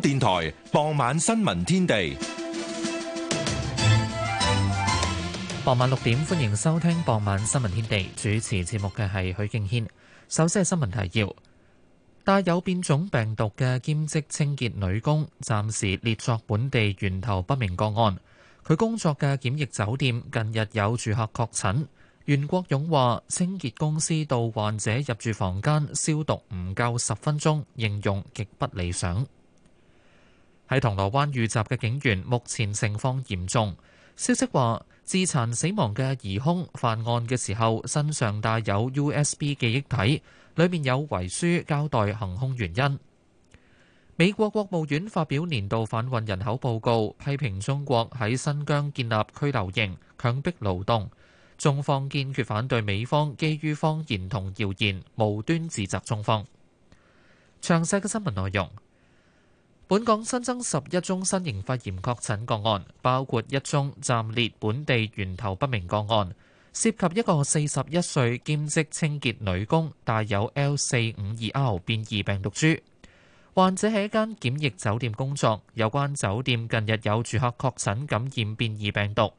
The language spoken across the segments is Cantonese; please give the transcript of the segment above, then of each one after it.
電台傍晚新聞天地，傍晚六點歡迎收聽。傍晚新聞天地主持節目嘅係許敬軒。首先係新聞提要：帶有變種病毒嘅兼職清潔女工，暫時列作本地源頭不明個案。佢工作嘅檢疫酒店近日有住客確診。袁國勇話，清潔公司到患者入住房間消毒唔夠十分鐘，應用極不理想。喺銅鑼灣遇襲嘅警員，目前情況嚴重。消息話，自殘死亡嘅疑兇犯案嘅時候，身上帶有 USB 記憶體，裡面有遺書交代行凶原因。美國國務院發表年度販運人口報告，批評中國喺新疆建立拘留營、強迫勞動。中方堅決反對美方基於謊言同謠言無端指責中方。詳細嘅新聞內容。本港新增十一宗新型肺炎確診個案，包括一宗暫列本地源頭不明個案，涉及一個四十一歲兼職清潔女工，帶有 L 四五二 R 變異病毒株。患者喺一間檢疫酒店工作，有關酒店近日有住客確診感染變異病毒。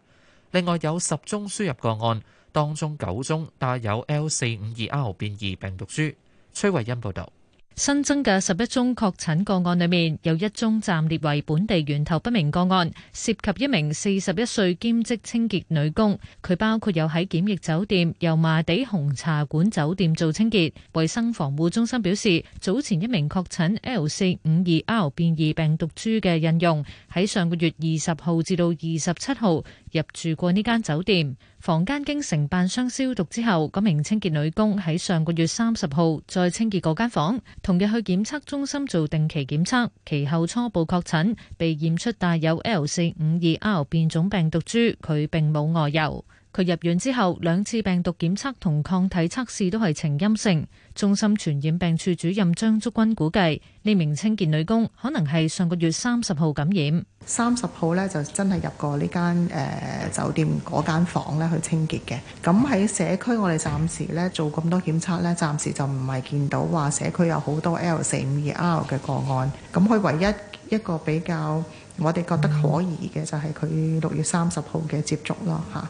另外有十宗輸入個案，當中九宗帶有 L 四五二 R 變異病毒株。崔慧欣報道。新增嘅十一宗確診個案裏面，有一宗暫列為本地源頭不明個案，涉及一名四十一歲兼職清潔女工。佢包括有喺檢疫酒店、油麻地紅茶館酒店做清潔。衛生防護中心表示，早前一名確診 L 四五二 R 變異病毒株嘅印傭，喺上個月二十號至到二十七號。入住過呢間酒店，房間經承辦商消毒之後，嗰名清潔女工喺上個月三十號再清潔嗰間房，同日去檢測中心做定期檢測，其後初步確診，被驗出帶有 L 四五二 R 變種病毒株，佢並冇外遊。佢入院之後，兩次病毒檢測同抗體測試都係呈陰性。中心傳染病處主任張竹君估計，呢名清潔女工可能係上個月三十號感染。三十號呢，就真係入過呢間誒酒店嗰間房咧去清潔嘅。咁喺社區，我哋暫時咧做咁多檢測呢，暫時就唔係見到話社區有好多 L 四五二 R 嘅個案。咁佢唯一一個比較我哋覺得可疑嘅就係佢六月三十號嘅接觸咯嚇。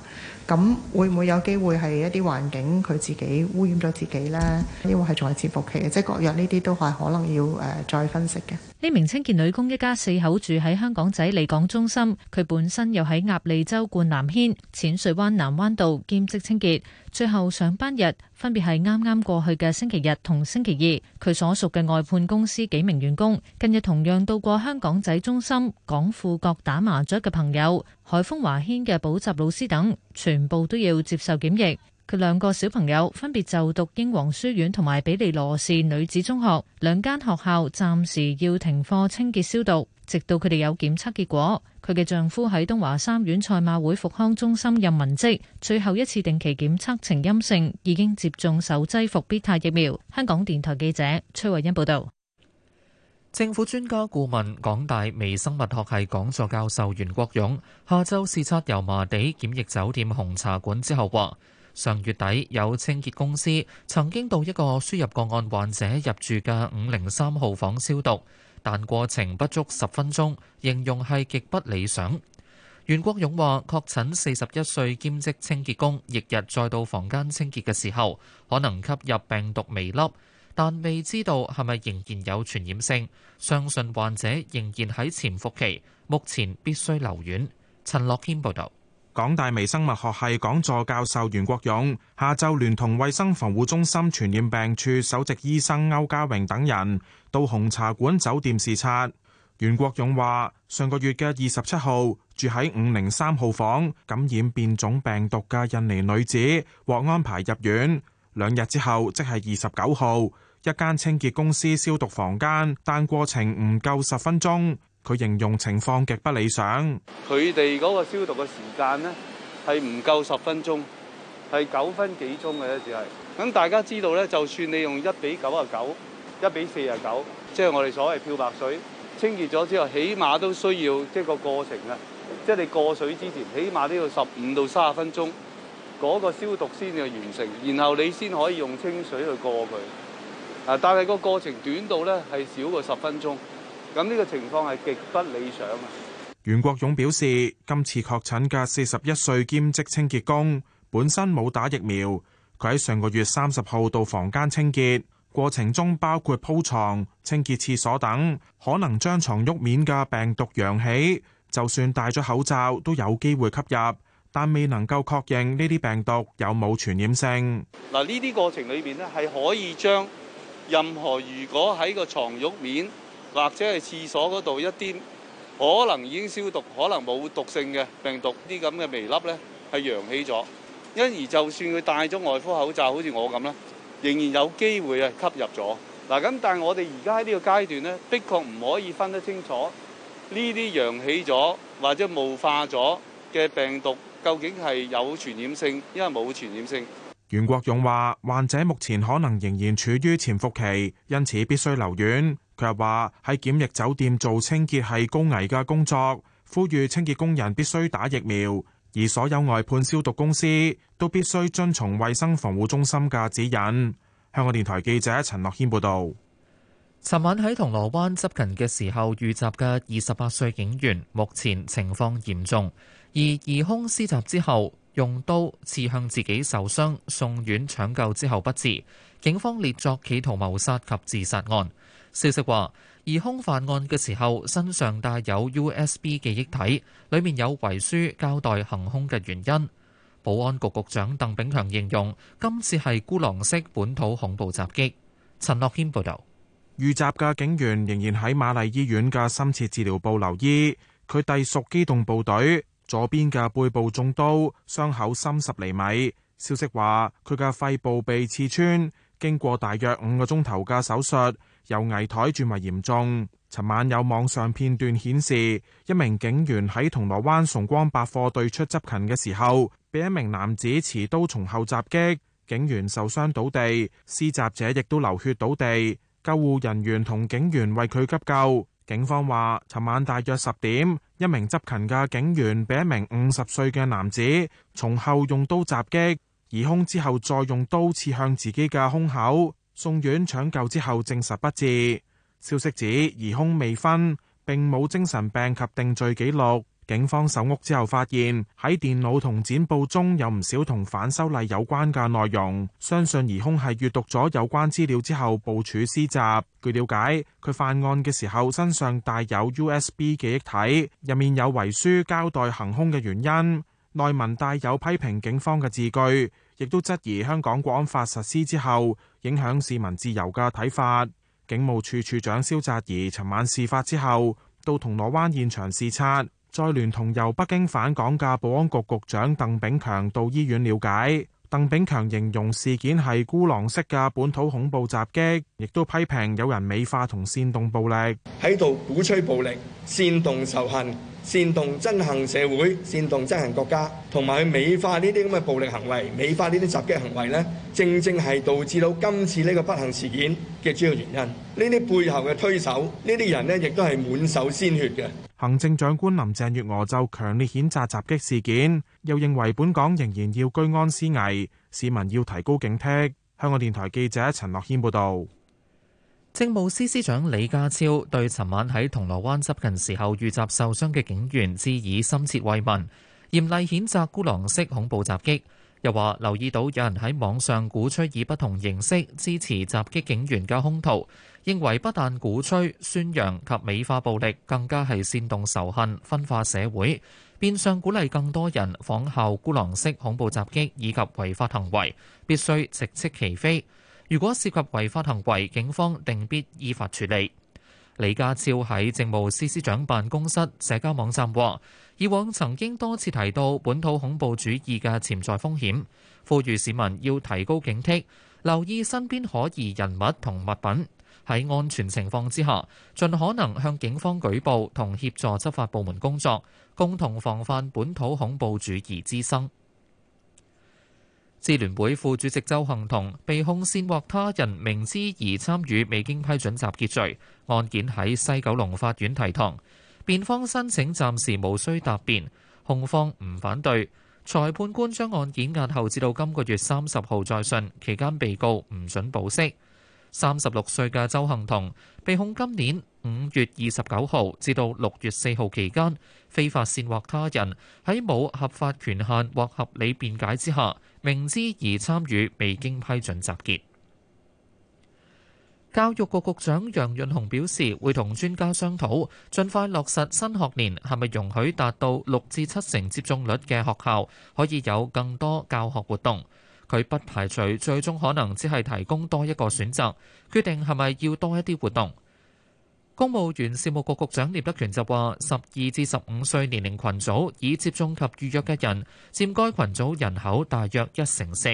咁會唔會有機會係一啲環境佢自己污染咗自己呢？因為係仲係潛伏期嘅，即係各樣呢啲都係可能要誒再分析嘅。呢名清潔女工一家四口住喺香港仔利港中心，佢本身又喺鴨脷洲冠南軒、淺水灣南灣道兼職清潔。最後上班日分別係啱啱過去嘅星期日同星期二，佢所屬嘅外判公司幾名員工近日同樣到過香港仔中心港富閣打麻雀嘅朋友。海豐華軒嘅補習老師等，全部都要接受檢疫。佢兩個小朋友分別就讀英皇書院同埋庇理羅士女子中學，兩間學校暫時要停課清潔消毒，直到佢哋有檢測結果。佢嘅丈夫喺東華三院賽馬會復康中心任文職，最後一次定期檢測呈陰性，已經接種首劑復必泰疫苗。香港電台記者崔慧欣報道。政府專家顧問、港大微生物學系講座教授袁國勇下晝視察油麻地檢疫酒店紅茶館之後話：上月底有清潔公司曾經到一個輸入個案患者入住嘅五零三號房消毒，但過程不足十分鐘，形容係極不理想。袁國勇話：確診四十一歲兼職清潔工翌日再到房間清潔嘅時候，可能吸入病毒微粒。但未知道係咪仍然有傳染性，相信患者仍然喺潛伏期，目前必須留院。陳樂謙報道。港大微生物學系講座教授袁國勇下晝聯同衛生防護中心傳染病處首席醫生歐家榮等人到紅茶館酒店視察。袁國勇話：上個月嘅二十七號，住喺五零三號房感染變種病毒嘅印尼女子獲安排入院，兩日之後，即係二十九號。一間清潔公司消毒房間，但過程唔夠啊！但係個過程短到呢係少過十分鐘，咁呢個情況係極不理想啊。袁國勇表示，今次確診嘅四十一歲兼職清潔工本身冇打疫苗，佢喺上個月三十號到房間清潔過程中，包括鋪床、清潔廁所等，可能將床褥面嘅病毒揚起，就算戴咗口罩都有機會吸入，但未能夠確認呢啲病毒有冇傳染性。嗱，呢啲過程裏邊呢係可以將。任何如果喺個牀褥面或者係廁所嗰度一啲可能已經消毒、可能冇毒性嘅病毒啲咁嘅微粒咧，係揚起咗。因而就算佢戴咗外科口罩，好似我咁咧，仍然有機會啊吸入咗。嗱咁，但係我哋而家喺呢個階段咧，的確唔可以分得清楚呢啲揚起咗或者霧化咗嘅病毒究竟係有傳染性，因為冇傳染性。袁國勇話：患者目前可能仍然處於潛伏期，因此必須留院。佢又話：喺檢疫酒店做清潔係高危嘅工作，呼籲清潔工人必須打疫苗，而所有外判消毒公司都必須遵從衛生防護中心嘅指引。香港電台記者陳樂謙報道：尋晚喺銅鑼灣執勤嘅時候遇襲嘅二十八歲警員，目前情況嚴重，而疑兇施襲之後。用刀刺向自己受傷，送院搶救之後不治。警方列作企圖謀殺及自殺案。消息話，疑凶犯案嘅時候身上帶有 USB 記憶體，裏面有遺書交代行凶嘅原因。保安局局長鄧炳強形容今次係孤狼式本土恐怖襲擊。陳樂謙報道。遇襲嘅警員仍然喺瑪麗醫院嘅深切治療部留醫，佢隸屬機動部隊。左邊嘅背部中刀，傷口深十厘米。消息話佢嘅肺部被刺穿，經過大約五個鐘頭嘅手術，由危殆轉為嚴重。尋晚有網上片段顯示，一名警員喺銅鑼灣崇光百貨對出執勤嘅時候，被一名男子持刀從後襲擊，警員受傷倒地，施襲者亦都流血倒地，救護人員同警員為佢急救。警方話，尋晚大約十點，一名執勤嘅警員俾一名五十歲嘅男子從後用刀襲擊，疑兇之後再用刀刺向自己嘅胸口，送院搶救之後證實不治。消息指疑兇未婚，並冇精神病及定罪記錄。警方搜屋之後，發現喺電腦同展報中有唔少同反修例有關嘅內容。相信疑凶係閱讀咗有關資料之後部署私集。據了解，佢犯案嘅時候身上帶有 U.S.B 記憶體，入面有遺書交代行凶嘅原因，內文帶有批評警方嘅字句，亦都質疑香港國安法實施之後影響市民自由嘅睇法。警務處處長蕭澤頤尋晚事發之後到銅鑼灣現場視察。再聯同由北京返港嘅保安局局長鄧炳強到醫院了解，鄧炳強形容事件係孤狼式嘅本土恐怖襲擊，亦都批評有人美化同煽動暴力，喺度鼓吹暴力、煽動仇恨。煽動憎恨社會、煽動憎恨國家，同埋去美化呢啲咁嘅暴力行為、美化呢啲襲擊行為呢，正正係導致到今次呢個不幸事件嘅主要原因。呢啲背後嘅推手，呢啲人呢亦都係滿手鮮血嘅。行政長官林鄭月娥就強烈譴責襲擊事件，又認為本港仍然要居安思危，市民要提高警惕。香港電台記者陳樂軒報導。政務司司長李家超對尋晚喺銅鑼灣執勤時候遇襲受傷嘅警員致以深切慰問，嚴厲譴責孤狼式恐怖襲擊，又話留意到有人喺網上鼓吹以不同形式支持襲擊警員嘅兇徒，認為不但鼓吹、宣揚及美化暴力，更加係煽動仇恨、分化社會，變相鼓勵更多人仿效孤狼式恐怖襲擊以及違法行為，必須直斥其非。如果涉及違法行為，警方定必依法處理。李家超喺政務司司長辦公室社交網站話：以往曾經多次提到本土恐怖主義嘅潛在風險，呼籲市民要提高警惕，留意身邊可疑人物同物品。喺安全情況之下，盡可能向警方舉報同協助執法部門工作，共同防範本土恐怖主義滋生。支聯會副主席周幸彤被控煽惑他人明知而參與未經批准集結罪，案件喺西九龍法院提堂。辯方申請暫時無需答辯，控方唔反對。裁判官將案件押後至到今個月三十號再訊，期間被告唔準保釋。三十六歲嘅周幸彤被控今年五月二十九號至到六月四號期間，非法煽惑他人喺冇合法權限或合理辯解之下，明知而參與，未經批准集結。教育局局長楊潤雄表示，會同專家商討，盡快落實新學年係咪容許達到六至七成接種率嘅學校可以有更多教學活動。佢不排除最終可能只係提供多一個選擇，決定係咪要多一啲活動。公務員事務局局長聶德權就話：十二至十五歲年齡群組已接種及預約嘅人，佔該群組人口大約一成四。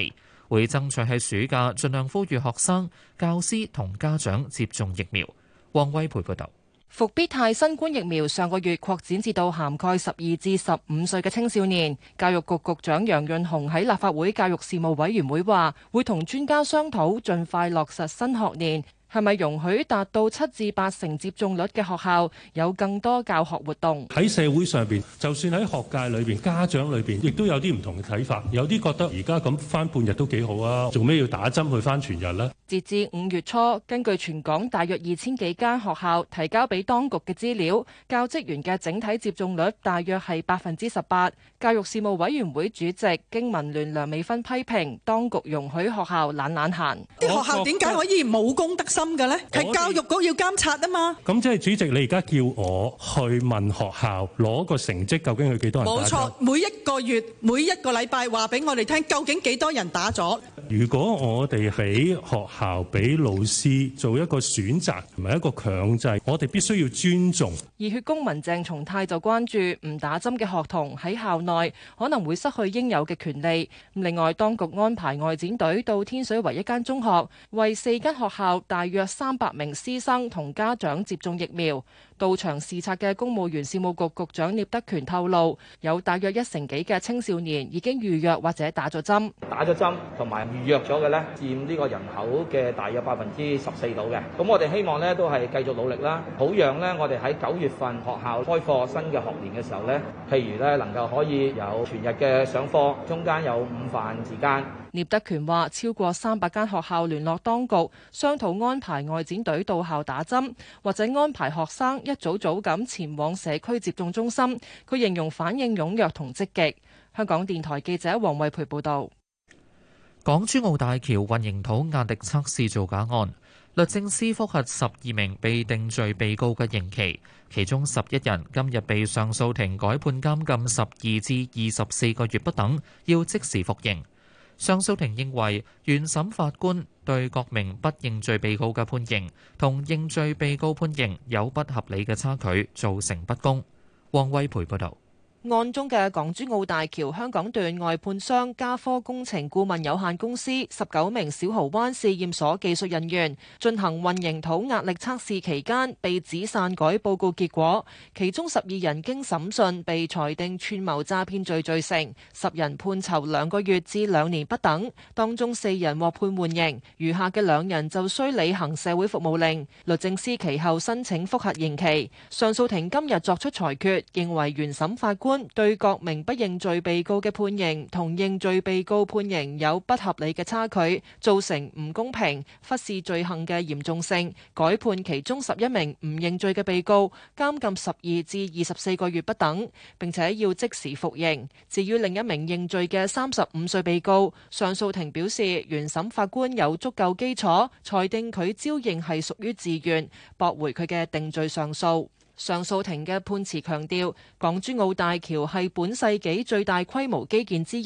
會爭取喺暑假盡量呼籲學生、教師同家長接種疫苗。汪威培報導。復必泰新冠疫苗上個月擴展至到涵蓋十二至十五歲嘅青少年。教育局局長楊潤雄喺立法會教育事務委員會話：會同專家商討，盡快落實新學年。係咪容許達到七至八成接種率嘅學校有更多教學活動？喺社會上邊，就算喺學界裏邊、家長裏邊，亦都有啲唔同嘅睇法。有啲覺得而家咁翻半日都幾好啊，做咩要打針去翻全日呢？截至五月初，根據全港大約二千幾間學校提交俾當局嘅資料，教職員嘅整體接種率大約係百分之十八。教育事務委員會主席經民聯梁美芬批評，當局容許學校懶懶閒。啲學校點解可以冇公德？心嘅咧，係教育局要監察啊嘛。咁即係主席，你而家叫我去問學校攞個成績，究竟有幾多人打針？冇錯，每一個月，每一個禮拜話俾我哋聽，究竟幾多人打咗？如果我哋喺學校俾老師做一個選擇同埋一個強制，我哋必須要尊重。熱血公民鄭松泰就關注，唔打針嘅學童喺校內可能會失去應有嘅權利。另外，當局安排外展隊到天水圍一間中學，為四間學校大約三百名師生同家長接種疫苗。到場視察嘅公務員事務局局，局長聶德權透露，有大約一成幾嘅青少年已經預約或者打咗針，打咗針同埋預約咗嘅呢佔呢個人口嘅大約百分之十四度嘅。咁我哋希望呢都係繼續努力啦，好讓呢我哋喺九月份學校開課新嘅學年嘅時候呢，譬如呢能夠可以有全日嘅上課，中間有午飯時間。聶德權話，超過三百間學校聯絡當局，商討安排外展隊到校打針，或者安排學生。一早早咁前往社區接種中心，佢形容反應踴躍同積極。香港電台記者黃慧培報導。港珠澳大橋運營土壓力測試造假案，律政司覆核十二名被定罪被告嘅刑期，其中十一人今日被上訴庭改判監禁十二至二十四個月不等，要即時服刑。上訴庭認為，原審法官對各名不認罪被告嘅判刑，同認罪被告判刑有不合理嘅差距，造成不公。王威培報導。案中的港珠澳大橋香港段外判商嘉科工程顧問有限公司十九名小蠔灣試驗所技術人員進行混凝土壓力測試期間，被指篡改報告結果。其中十二人經審訊被裁定串謀詐騙罪罪成，十人判囚兩個月至兩年不等，當中四人獲判緩刑，餘下的兩人就須履行社會服務令。律政司其後申請覆核刑期。上訴庭今日作出裁決，認為原審法官對各名不認罪被告嘅判刑同認罪被告判刑有不合理嘅差距，造成唔公平，忽視罪行嘅嚴重性。改判其中十一名唔認罪嘅被告監禁十二至二十四個月不等，並且要即時服刑。至於另一名認罪嘅三十五歲被告，上訴庭表示，原審法官有足夠基礎，裁定佢招認係屬於自願，駁回佢嘅定罪上訴。上訴庭嘅判詞強調，港珠澳大橋係本世紀最大規模基建之一，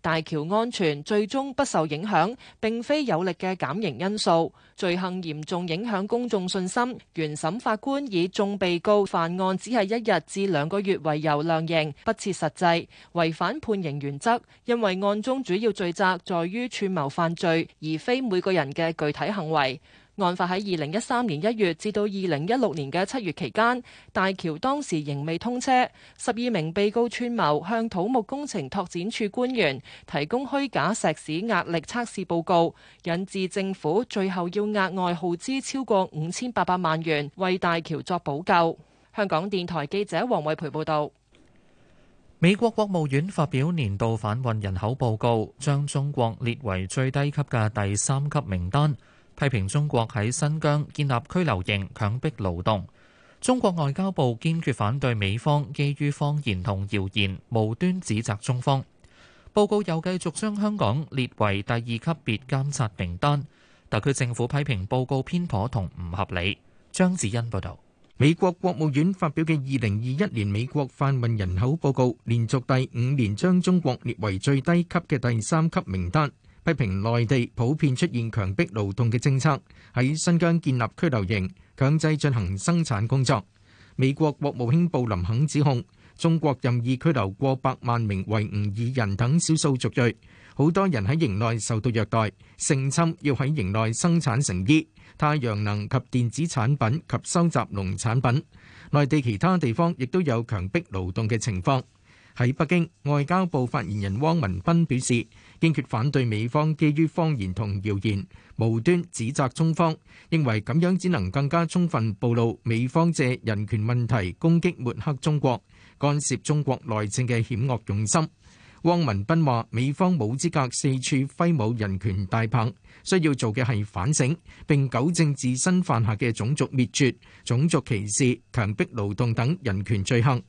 大橋安全最終不受影響，並非有力嘅減刑因素。罪行嚴重影響公眾信心，原審法官以眾被告犯案只係一日至兩個月為由量刑，不切實際，違反判刑原則，因為案中主要罪責在於串謀犯罪，而非每個人嘅具體行為。案發喺二零一三年一月至到二零一六年嘅七月期間，大橋當時仍未通車。十二名被告串謀向土木工程拓展署官員提供虛假石屎壓力測試報告，引致政府最後要額外耗資超過五千八百萬元為大橋作補救。香港電台記者黃惠培報道。美國國務院發表年度販運人口報告，將中國列為最低級嘅第三級名單。批評中國喺新疆建立拘留營、強迫勞動。中國外交部堅決反對美方基於謊言同謠言無端指責中方。報告又繼續將香港列為第二級別監察名單。特區政府批評報告偏頗同唔合理。張子欣報道，美國國務院發表嘅二零二一年美國販運人口報告，連續第五年將中國列為最低級嘅第三級名單。批評內地普遍出現強迫勞動嘅政策，喺新疆建立拘留營，強制進行生產工作。美國國務卿布林肯指控中國任意拘留過百萬名維吾爾人等少數族裔，好多人喺營內受到虐待、性侵，要喺營內生產成衣、太陽能及電子產品及收集農產品。內地其他地方亦都有強迫勞動嘅情況。喺北京，外交部發言人汪文斌表示：堅決反對美方基於謊言同謠言無端指責中方，認為咁樣只能更加充分暴露美方借人權問題攻擊抹黑中國、干涉中國內政嘅險惡用心。汪文斌話：美方冇資格四處揮舞人權大棒，需要做嘅係反省，並糾正自身犯下嘅種族滅絕、種族歧視、強迫勞動等人權罪行。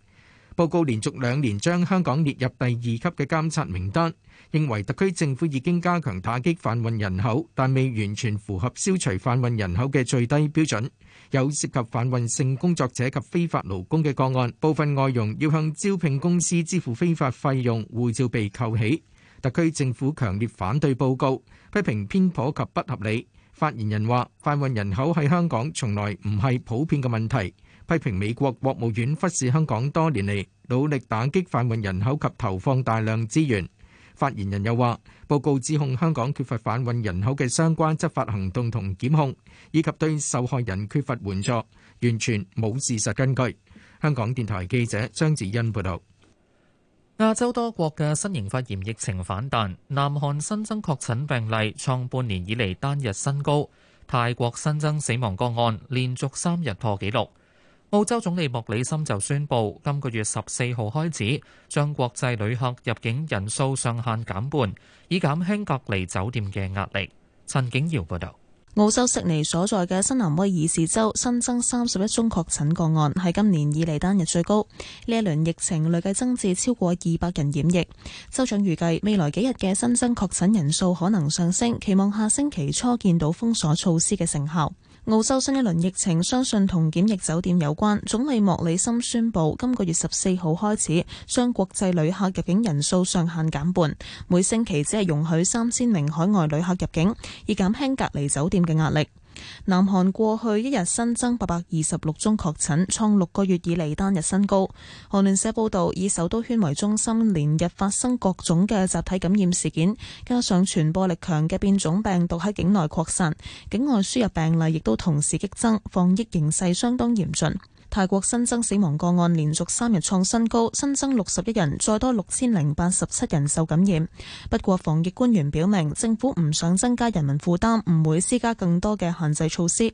報告連續兩年將香港列入第二級嘅監察名單，認為特區政府已經加強打擊販運人口，但未完全符合消除販運人口嘅最低標準。有涉及販運性工作者及非法勞工嘅個案，部分外傭要向招聘公司支付非法費用，護照被扣起。特區政府強烈反對報告，批評偏頗及不合理。發言人話：販運人口喺香港從來唔係普遍嘅問題。批評美國國務院忽視香港多年嚟努力打擊販運人口及投放大量資源。發言人又話，報告指控香港缺乏販運人口嘅相關執法行動同檢控，以及對受害人缺乏援助，完全冇事實根據。香港電台記者張子欣報道。亞洲多國嘅新型肺炎疫情反彈，南韓新增確診病例創半年以嚟單日新高，泰國新增死亡個案連續三日破紀錄。澳洲總理莫里森就宣布，今個月十四號開始，將國際旅客入境人數上限減半，以減輕隔離酒店嘅壓力。陳景耀報道，澳洲悉尼所在嘅新南威爾士州新增三十一宗確診個案，係今年以嚟單日最高。呢一輪疫情累計增至超過二百人染疫。州長預計未來幾日嘅新增確診人數可能上升，期望下星期初見到封鎖措施嘅成效。澳洲新一輪疫情相信同檢疫酒店有關。總理莫里森宣布，今個月十四號開始，將國際旅客入境人數上限減半，每星期只係容許三千名海外旅客入境，以減輕隔離酒店嘅壓力。南韓過去一日新增八百二十六宗確診，創六個月以嚟單日新高。韓聯社報道，以首都圈為中心，連日發生各種嘅集體感染事件，加上傳播力強嘅變種病毒喺境內擴散，境外輸入病例亦都同時激增，防疫形勢相當嚴峻。泰國新增死亡個案連續三日創新高，新增六十一人，再多六千零八十七人受感染。不過防疫官員表明，政府唔想增加人民負擔，唔會施加更多嘅限制措施。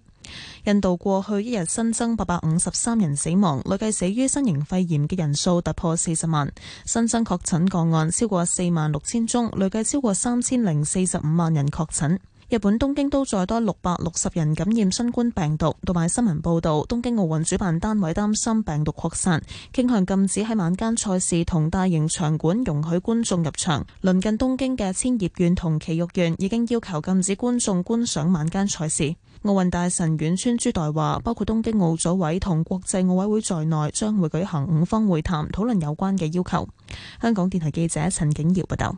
印度過去一日新增八百五十三人死亡，累計死於新型肺炎嘅人數突破四十萬，新增確診個案超過四萬六千宗，累計超過三千零四十五萬人確診。日本東京都再多六百六十人感染新冠病毒，同埋新聞報道東京奧運主辦單位擔心病毒擴散，傾向禁止喺晚間賽事同大型場館容許觀眾入場。鄰近東京嘅千葉縣同埼玉縣已經要求禁止觀眾觀賞晚間賽事。奧運大臣遠川珠代話，包括東京奧組委同國際奧委會在內，將會舉行五方會談，討論有關嘅要求。香港電台記者陳景堯報道。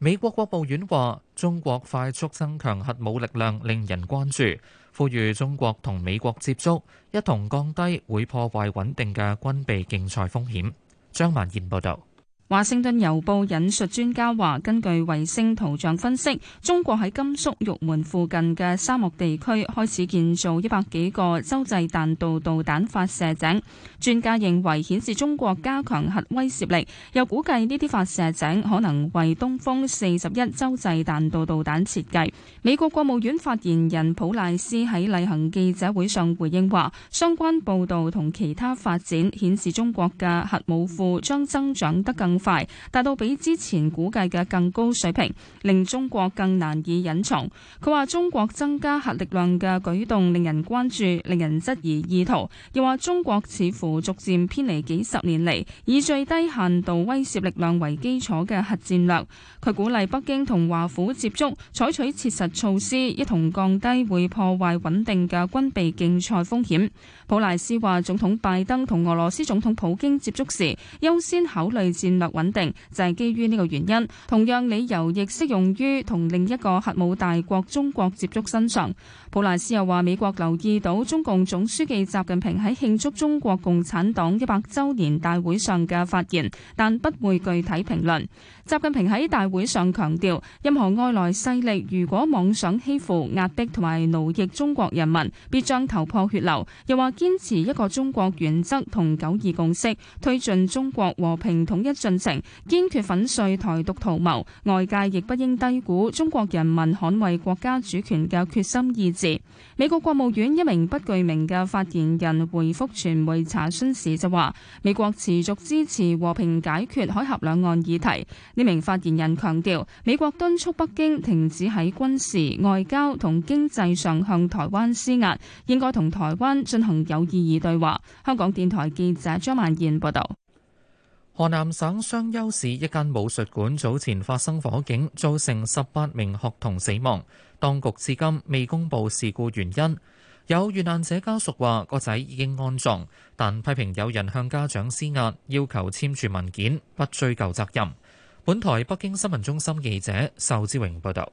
美國國務院話：中國快速增強核武力量令人關注，呼籲中國同美國接觸，一同降低會破壞穩定嘅軍備競賽風險。張曼燕報導。華盛頓郵報引述專家話，根據衛星圖像分析，中國喺甘肅玉門附近嘅沙漠地區開始建造一百幾個洲際彈道導彈發射井。專家認為，顯示中國加強核威懾力，又估計呢啲發射井可能為東風四十一洲際彈道導彈設計。美國國務院發言人普賴斯喺例行記者會上回應話，相關報道同其他發展顯示中國嘅核武庫將增長得更。快達到比之前估計嘅更高水平，令中國更難以隱藏。佢話中國增加核力量嘅舉動令人關注，令人質疑意圖。又話中國似乎逐漸偏離幾十年嚟以最低限度威懾力量為基礎嘅核戰略。佢鼓勵北京同華府接觸，採取切實措施，一同降低會破壞穩定嘅軍備競賽風險。普賴斯話，總統拜登同俄羅斯總統普京接觸時，優先考慮戰略。穩定就係、是、基於呢個原因，同樣理由亦適用於同另一個核武大國中國接觸身上。普萊斯又話：美國留意到中共總書記習近平喺慶祝中國共產黨一百周年大會上嘅發言，但不會具體評論。習近平喺大會上強調，任何外來勢力如果妄想欺負、壓迫同埋奴役中國人民，必將頭破血流。又話堅持一個中國原則同九二共識，推進中國和平統一進程，堅決粉碎台獨圖謀。外界亦不應低估中國人民捍衛國家主權嘅決心意志。美國國務院一名不具名嘅發言人回覆傳媒查詢時就話：美國持續支持和平解決海峽兩岸議題。呢名發言人強調，美國敦促北京停止喺軍事、外交同經濟上向台灣施壓，應該同台灣進行有意義對話。香港電台記者張萬燕報道。河南省商丘市一間武術館早前發生火警，造成十八名學童死亡。當局至今未公布事故原因。有遇難者家屬話，個仔已經安葬，但批評有人向家長施壓，要求簽署文件，不追究責任。本台北京新聞中心記者壽志榮報道：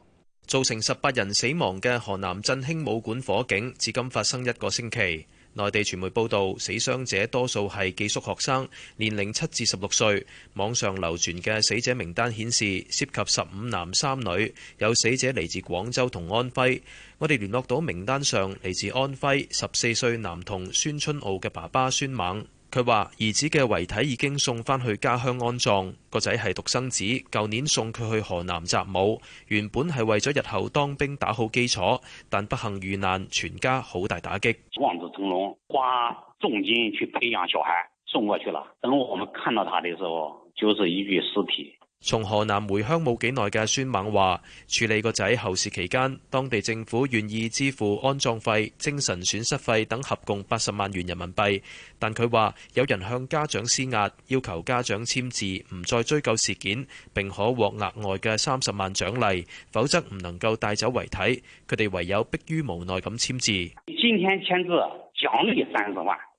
造成十八人死亡嘅河南振興武館火警，至今發生一個星期。內地傳媒報導，死傷者多數係寄宿學生，年齡七至十六歲。網上流傳嘅死者名單顯示，涉及十五男三女，有死者嚟自廣州同安徽。我哋聯絡到名單上嚟自安徽十四歲男童孫春傲嘅爸爸孫猛。佢話：兒子嘅遺體已經送翻去家鄉安葬。個仔係獨生子，舊年送佢去河南習武，原本係為咗日後當兵打好基礎，但不幸遇難，全家好大打擊。望子成龍，花重金去培養小孩，送過去了。等我們看到他嘅時候，就是一具屍體。從河南回鄉冇幾耐嘅孫猛話，處理個仔後事期間，當地政府願意支付安葬費、精神損失費等合共八十萬元人民幣。但佢話有人向家長施壓，要求家長簽字，唔再追究事件，並可獲額外嘅三十萬獎勵，否則唔能夠帶走遺體。佢哋唯有迫於無奈咁簽字。今天簽字，獎勵三十萬。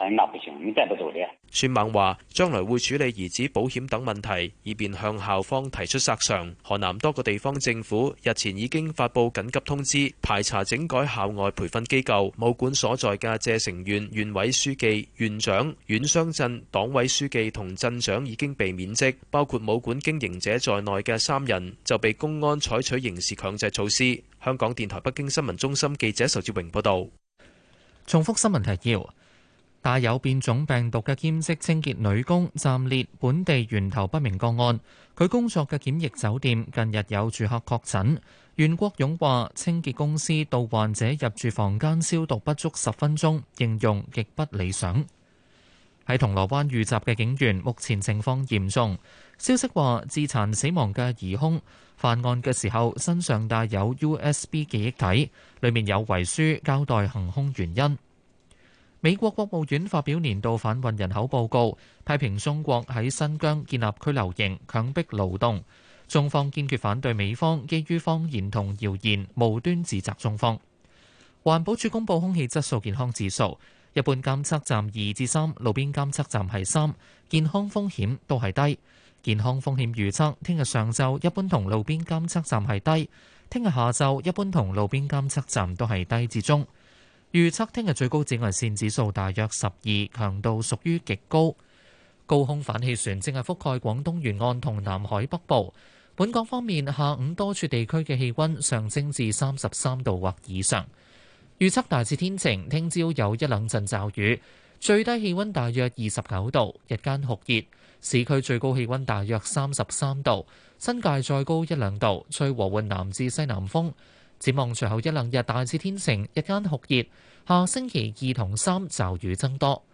佢壓不住，你真係冇道理啊！孫猛話：將來會處理兒子保險等問題，以便向校方提出索償。河南多個地方政府日前已經發布緊急通知，排查整改校外培訓機構。武館所在嘅謝城縣縣委書記、縣長、縣鄉鎮黨委書記同鎮長已經被免職，包括武館經營者在內嘅三人就被公安採取刑事強制措施。香港電台北京新聞中心記者仇志榮報道：「重複新聞提要。帶有變種病毒嘅兼職清潔女工暫列本地源頭不明個案。佢工作嘅檢疫酒店近日有住客確診。袁國勇話：清潔公司到患者入住房間消毒不足十分鐘，形容極不理想。喺銅鑼灣遇襲嘅警員目前情況嚴重。消息話自殘死亡嘅疑凶犯案嘅時候身上帶有 USB 記憶體，裡面有遺書交代行凶原因。美國國務院發表年度販運人口報告，批評中國喺新疆建立拘留營、強迫勞動。中方堅決反對美方基於謊言同謠言無端指責中方。環保署公布空氣質素健康指數，一般監測站二至三，路邊監測站係三，健康風險都係低。健康風險預測，聽日上晝一般同路邊監測站係低，聽日下晝一般同路邊監測站都係低至中。預測聽日最高紫外線指數大約十二，強度屬於極高。高空反氣旋正係覆蓋廣東沿岸同南海北部。本港方面，下午多處地區嘅氣温上升至三十三度或以上。預測大致天晴，聽朝有一兩陣驟雨。最低氣温大約二十九度，日間酷熱。市區最高氣温大約三十三度，新界再高一兩度。吹和緩南至西南風。展望隨後一兩日大致天晴，日間酷熱，下星期二同三驟雨增多，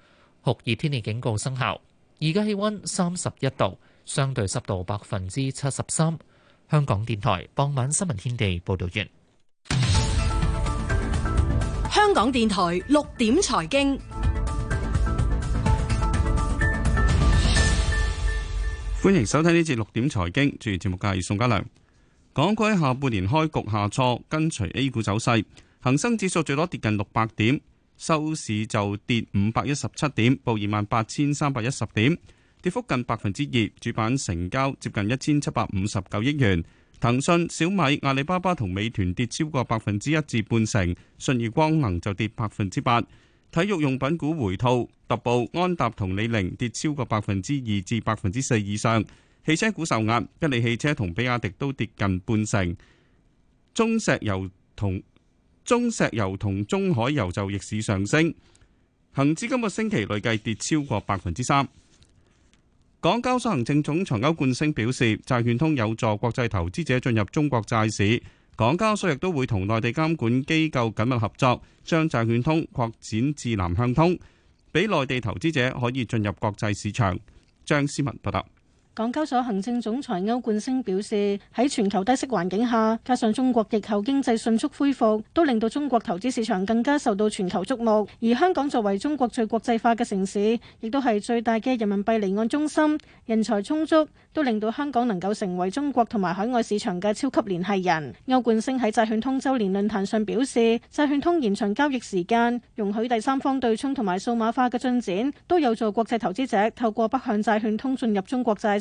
酷熱天氣警告生效。而家氣溫三十一度，相對濕度百分之七十三。香港電台傍晚新聞天地報道完。香港電台六點財經，歡迎收聽呢節六點財經，主持節目嘅係宋家良。港股喺下半年開局下挫，跟隨 A 股走勢，恒生指數最多跌近六百點，收市就跌五百一十七點，報二萬八千三百一十點，跌幅近百分之二。主板成交接近一千七百五十九億元。騰訊、小米、阿里巴巴同美團跌超過百分之一至半成，舜宇光能就跌百分之八。體育用品股回吐、特步、安踏同李寧跌超過百分之二至百分之四以上。汽車股受壓，吉利汽車同比亞迪都跌近半成。中石油同中石油同中海油就逆市上升。恒指今個星期累計跌超過百分之三。港交所行政總裁歐冠昇表示，債券通有助國際投資者進入中國債市。港交所亦都會同內地監管機構緊密合作，將債券通擴展至南向通，俾內地投資者可以進入國際市場。張思文報道。港交所行政總裁歐冠昇表示，喺全球低息環境下，加上中國疫後經濟迅速恢復，都令到中國投資市場更加受到全球矚目。而香港作為中國最國際化嘅城市，亦都係最大嘅人民幣離岸中心，人才充足，都令到香港能夠成為中國同埋海外市場嘅超級聯繫人。歐冠昇喺債券通周年論壇上表示，債券通延長交易時間，容許第三方對沖同埋數碼化嘅進展，都有助國際投資者透過北向債券通進入中國債。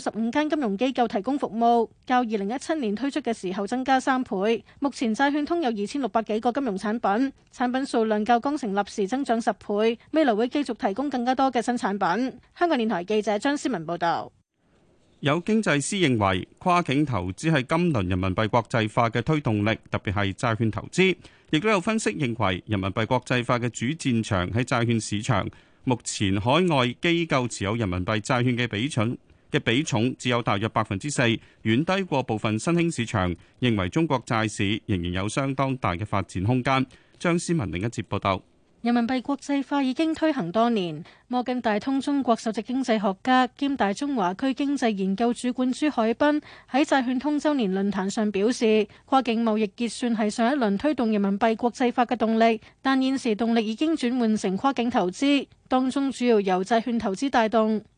十五間金融機構提供服務，較二零一七年推出嘅時候增加三倍。目前債券通有二千六百幾個金融產品，產品數量較剛成立時增長十倍。未來會繼續提供更加多嘅新產品。香港電台記者張思文報道。有經濟師認為跨境投資係今輪人民幣國際化嘅推動力，特別係債券投資。亦都有分析認為人民幣國際化嘅主戰場喺債券市場。目前海外機構持有人民幣債券嘅比重嘅比重只有大約百分之四，遠低過部分新興市場，認為中國債市仍然有相當大嘅發展空間。張思文另一節報道，人民幣國際化已經推行多年。摩根大通中國首席經濟學家兼大中華區經濟研究主管朱海斌喺債券通周年論壇上表示，跨境貿易結算係上一輪推動人民幣國際化嘅動力，但現時動力已經轉換成跨境投資，當中主要由債券投資帶動。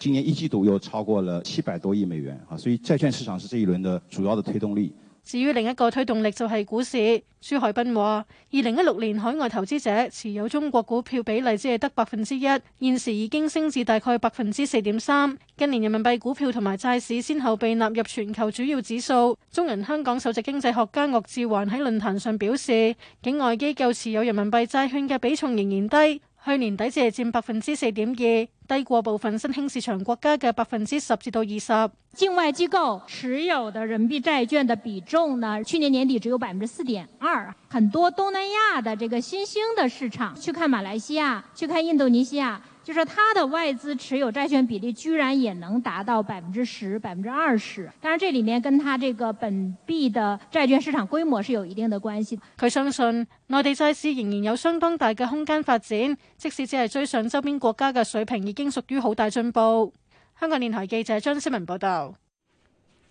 今年一季度又超過了七百多億美元啊！所以債券市場是這一輪的主要的推動力。至於另一個推動力就係股市。朱海斌話，二零一六年海外投資者持有中國股票比例只係得百分之一，現時已經升至大概百分之四點三。今年人民幣股票同埋債市先後被納入全球主要指數，中銀香港首席經濟學家岳志環喺論壇上表示，境外機構持有人民幣債券嘅比重仍然低。去年底只係佔百分之四點二，低過部分新興市場國家嘅百分之十至到二十。境外機構持有的人民幣債券的比重呢？去年年底只有百分之四點二，很多東南亞的這個新興的市場，去看馬來西亞，去看印度尼西亞。就是他的外資持有債券比例居然也能達到百分之十、百分之二十，當然這裏面跟他這個本幣的債券市場規模是有一定的關係。佢相信內地債市仍然有相當大嘅空間發展，即使只係追上周邊國家嘅水平，已經屬於好大進步。香港電台記者張思文報道。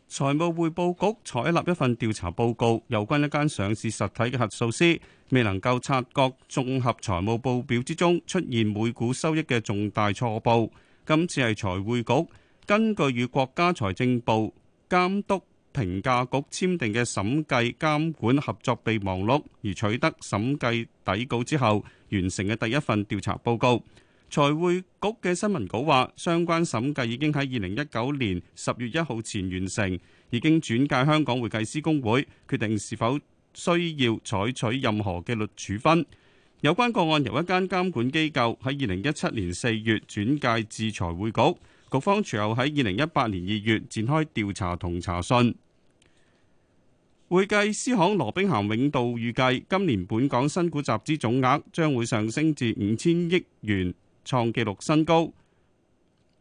財務匯報局採納一份調查報告，有關一間上市實體嘅核數師。未能夠察覺綜合財務報表之中出現每股收益嘅重大錯報。今次係財匯局根據與國家財政部監督評價局簽訂嘅審計監管合作備忘錄而取得審計底稿之後完成嘅第一份調查報告。財匯局嘅新聞稿話，相關審計已經喺二零一九年十月一號前完成，已經轉介香港會計師公會決定是否。需要採取任何紀律處分。有關個案由一間監管機構喺二零一七年四月轉介至財會局，局方隨後喺二零一八年二月展開調查同查訊。會計師行羅兵咸永道預計今年本港新股集資總額將會上升至五千億元，創紀錄新高。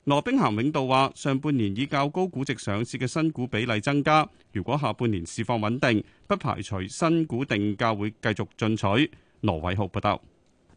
羅兵咸永道話：上半年以較高估值上市嘅新股比例增加，如果下半年市況穩定，不排除新股定價會繼續進取。羅偉浩報道。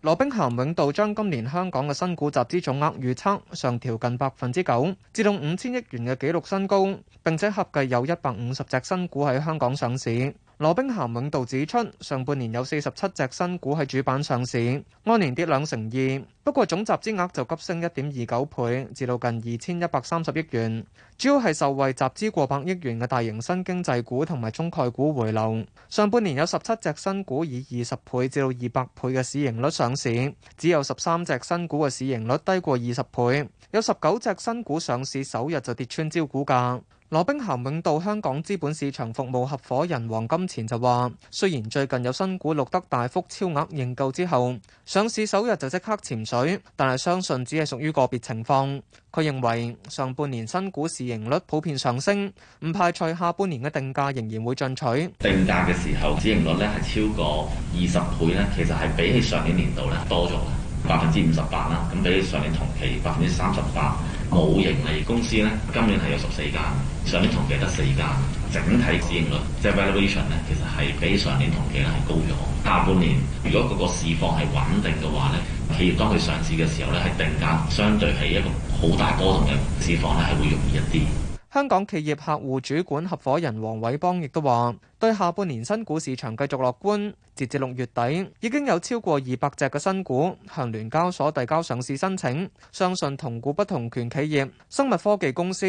羅兵咸永道將今年香港嘅新股集資總額預測上調近百分之九，至到五千億元嘅紀錄新高，並且合計有一百五十隻新股喺香港上市。羅兵咸永道指出，上半年有四十七隻新股喺主板上市，按年跌兩成二，不過總集資額就急升一點二九倍，至到近二千一百三十億元。主要係受惠集資過百億元嘅大型新經濟股同埋中概股回流。上半年有十七隻新股以二十倍至到二百倍嘅市盈率上市，只有十三隻新股嘅市盈率低過二十倍，有十九隻新股上市首日就跌穿招股價。羅兵咸永道香港資本市場服務合夥人黃金錢就話，雖然最近有新股錄得大幅超額認購之後，上市首日就即刻潛水，但係相信只係屬於個別情況。佢認為上半年新股市盈率普遍上升，唔排除下半年嘅定價仍然會進取。定價嘅時候，市盈率咧係超過二十倍咧，其實係比起上年年度咧多咗。百分之五十八啦，咁比上年同期百分之三十八，冇盈利公司呢，今年係有十四間，上年同期得四間。整體市盈率即係、就是、valuation 呢，其實係比上年同期咧係高咗。下半年如果嗰個市況係穩定嘅話呢，企業當佢上市嘅時候呢，係定價相對係一個好大波動嘅市況呢，係會容易一啲。香港企業客戶主管合夥人黃偉邦亦都話對下半年新股市場繼續樂觀，截至六月底，已經有超過二百隻嘅新股向聯交所遞交上市申請，相信同股不同權企業生物科技公司、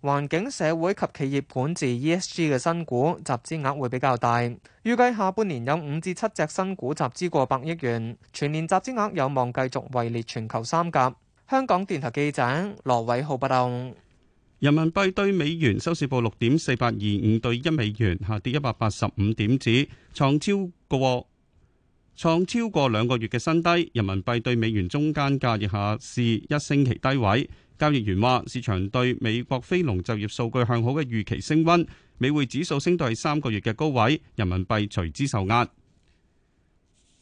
環境社會及企業管治 （ESG） 嘅新股集資額會比較大。預計下半年有五至七隻新股集資過百億元，全年集資額有望繼續位列全球三甲。香港電台記者羅偉浩報道。人民幣對美元收市報六點四八二五對一美元，下跌一百八十五點指，指創超過創超過兩個月嘅新低。人民幣對美元中間價亦下試一星期低位。交易員話，市場對美國非農就業數據向好嘅預期升溫，美匯指數升到喺三個月嘅高位，人民幣隨之受壓。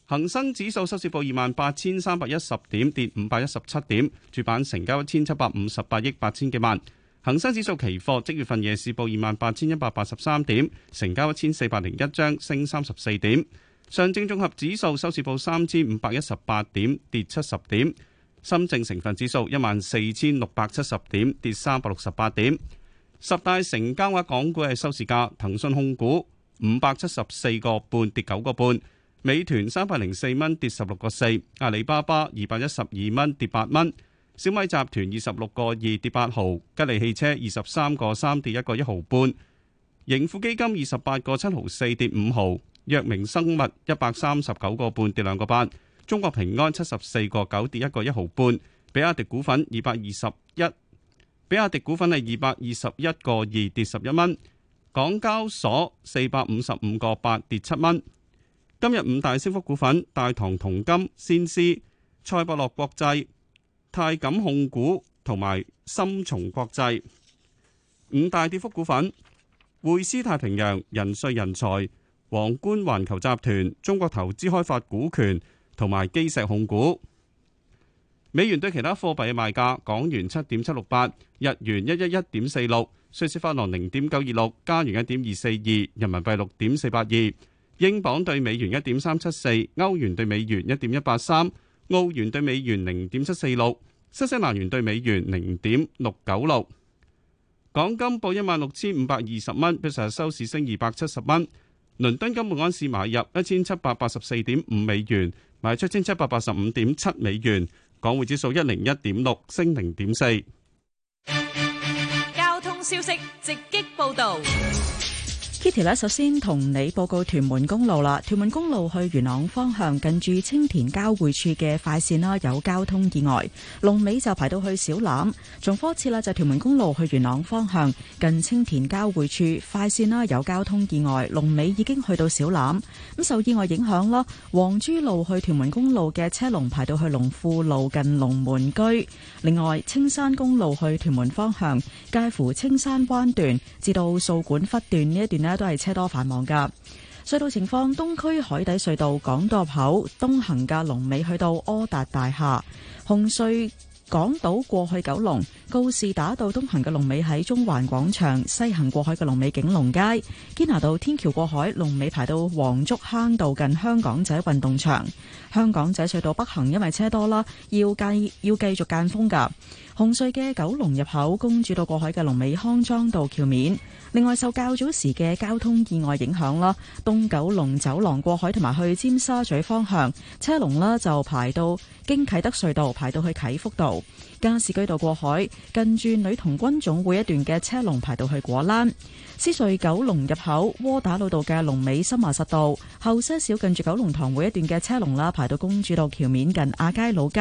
恒生指數收市報二萬八千三百一十點，跌五百一十七點，主板成交一千七百五十八億八千幾萬。恒生指數期貨即月份夜市報二萬八千一百八十三點，成交一千四百零一張，升三十四點。上證綜合指數收市報三千五百一十八點，跌七十點。深證成分指數一萬四千六百七十點，跌三百六十八點。十大成交額港股係收市價，騰訊控股五百七十四個半，跌九個半；美團三百零四蚊，跌十六個四；阿里巴巴二百一十二蚊，跌八蚊。小米集團二十六個二跌八毫，吉利汽車二十三個三跌一個一毫半，盈富基金二十八個七毫四跌五毫，藥明生物一百三十九個半跌兩個八，中國平安七十四個九跌一個一毫半，比亞迪股份二百二十一，比亞迪股份係二百二十一個二跌十一蚊，港交所四百五十五個八跌七蚊。今日五大升幅股份：大唐銅金、先思、賽博樂國際、泰感控股同埋深松國際，五大跌幅股份：匯斯太平洋、人瑞人才、皇冠環球集團、中國投資開發股權同埋基石控股。美元對其他貨幣嘅賣價：港元七點七六八，日元一一一點四六，瑞士法郎零點九二六，加元一點二四二，人民幣六點四八二，英鎊兌美元一點三七四，歐元兌美元一點一八三。澳元兌美元零點七四六，新西蘭元兌美元零點六九六。港金報一萬六千五百二十蚊，比上日收市升二百七十蚊。倫敦金每安士買入一千七百八十四點五美元，賣出一千七百八十五點七美元。港匯指數一零一點六，升零點四。交通消息直擊報導。呢條咧，首先同你報告屯門公路啦，屯門公路去元朗方向近住青田交匯處嘅快線啦，有交通意外，龍尾就排到去小欖。重複一次啦,就屯門公路去元朗方向近青田交匯處快線啦，有交通意外，龍尾已經去到小欖。咁受意外影響啦，黃珠路去屯門公路嘅車龍排到去龍富路近龍門居。另外，青山公路去屯門方向介乎青山灣段至到掃管笏段呢一段咧，都係車多繁忙噶，隧道情況：東區海底隧道港島入口東行嘅龍尾去到柯達大廈；紅隧港島過去九龍告士打道東行嘅龍尾喺中環廣場；西行過海嘅龍尾景隆街；堅拿道天橋過海龍尾排到黃竹坑道近香港仔運動場；香港仔隧道北行因為車多啦，要繼要繼續間封噶；紅隧嘅九龍入口公主道過海嘅龍尾康莊道橋面。另外受較早時嘅交通意外影響啦，東九龍走廊過海同埋去尖沙咀方向車龍啦就排到經啟德隧道排到去啟福道。加士居道過海，近住女童軍總會一段嘅車龍排到去果欄；獅隧九龍入口窩打老道嘅龍尾深華實道，後些少近住九龍塘會一段嘅車龍啦，排到公主道橋面近亞皆老街；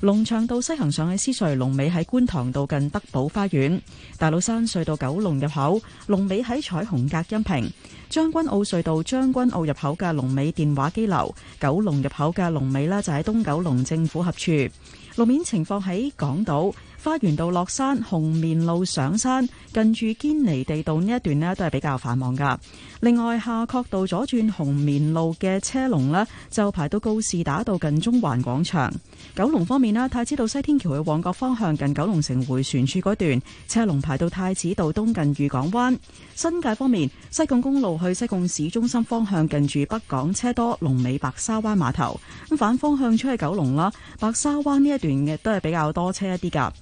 龍翔道西行上去獅隧龍尾喺觀塘道近德寶花園；大老山隧道九龍入口龍尾喺彩虹隔音屏；將軍澳隧道將軍澳入口嘅龍尾電話機樓，九龍入口嘅龍尾啦就喺東九龍政府合處。路面情況喺港島花園道落山、紅棉路上山，近住堅尼地道呢一段呢，都係比較繁忙噶。另外，下確道左轉紅棉路嘅車龍呢，就排到告士打道近中環廣場。九龍方面啦，太子道西天橋去旺角方向近九龍城回旋處嗰段，車龍排到太子道東近御港灣。新界方面，西貢公路去西貢市中心方向近住北港，車多龍尾白沙灣碼頭。咁反方向出去九龍啦，白沙灣呢一段亦都係比較多車一啲噶。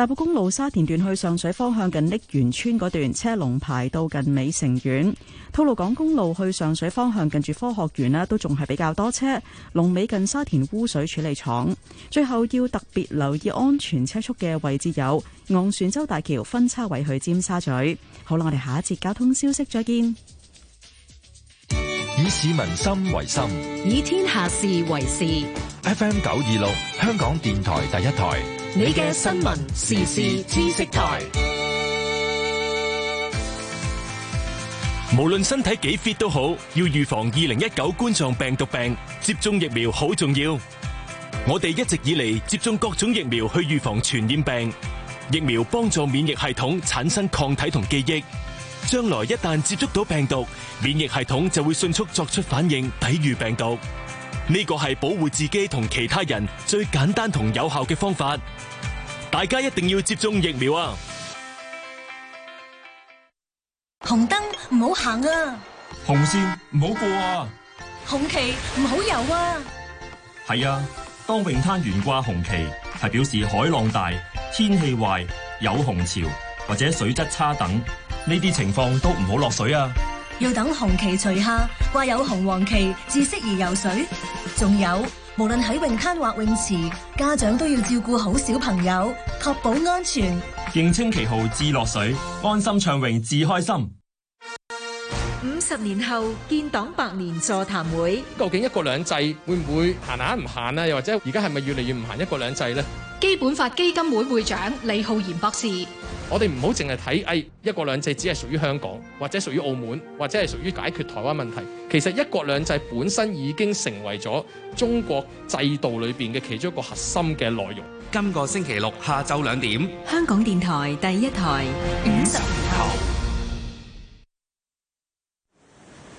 大埔公路沙田段去上水方向近瀝源邨嗰段車龍排到近美城苑，吐露港公路去上水方向近住科學園咧都仲係比較多車龍尾近沙田污水處理廠。最後要特別留意安全車速嘅位置有昂船洲大橋分叉位去尖沙咀。好啦，我哋下一節交通消息再見。以市民心為心，以天下事為事。FM 九二六，香港電台第一台。你嘅新聞時事知識台，無論身體幾 fit 都好，要預防二零一九冠狀病毒病，接種疫苗好重要。我哋一直以嚟接種各種疫苗去預防傳染病，疫苗幫助免疫系統產生抗體同記憶，將來一旦接觸到病毒，免疫系統就會迅速作出反應，抵禦病毒。呢個係保護自己同其他人最簡單同有效嘅方法，大家一定要接種疫苗啊！紅燈唔好行啊！紅線唔好過啊！紅旗唔好游啊！係啊，當泳灘懸掛紅旗，係表示海浪大、天氣壞、有紅潮或者水質差等，呢啲情況都唔好落水啊！要等紅旗除下，掛有紅黃旗至適宜游水。仲有，無論喺泳灘或泳池，家長都要照顧好小朋友，確保安全。認清旗號，自落水，安心暢泳，自開心。五十年後建黨百年座談會，究竟一國兩制會唔會行硬唔行啊？又或者而家係咪越嚟越唔行一國兩制呢？基本法基金會會長李浩然博士，我哋唔好淨係睇誒一國兩制只係屬於香港，或者屬於澳門，或者係屬於解決台灣問題。其實一國兩制本身已經成為咗中國制度裏面嘅其中一個核心嘅內容。今個星期六下晝兩點，香港電台第一台五十年後。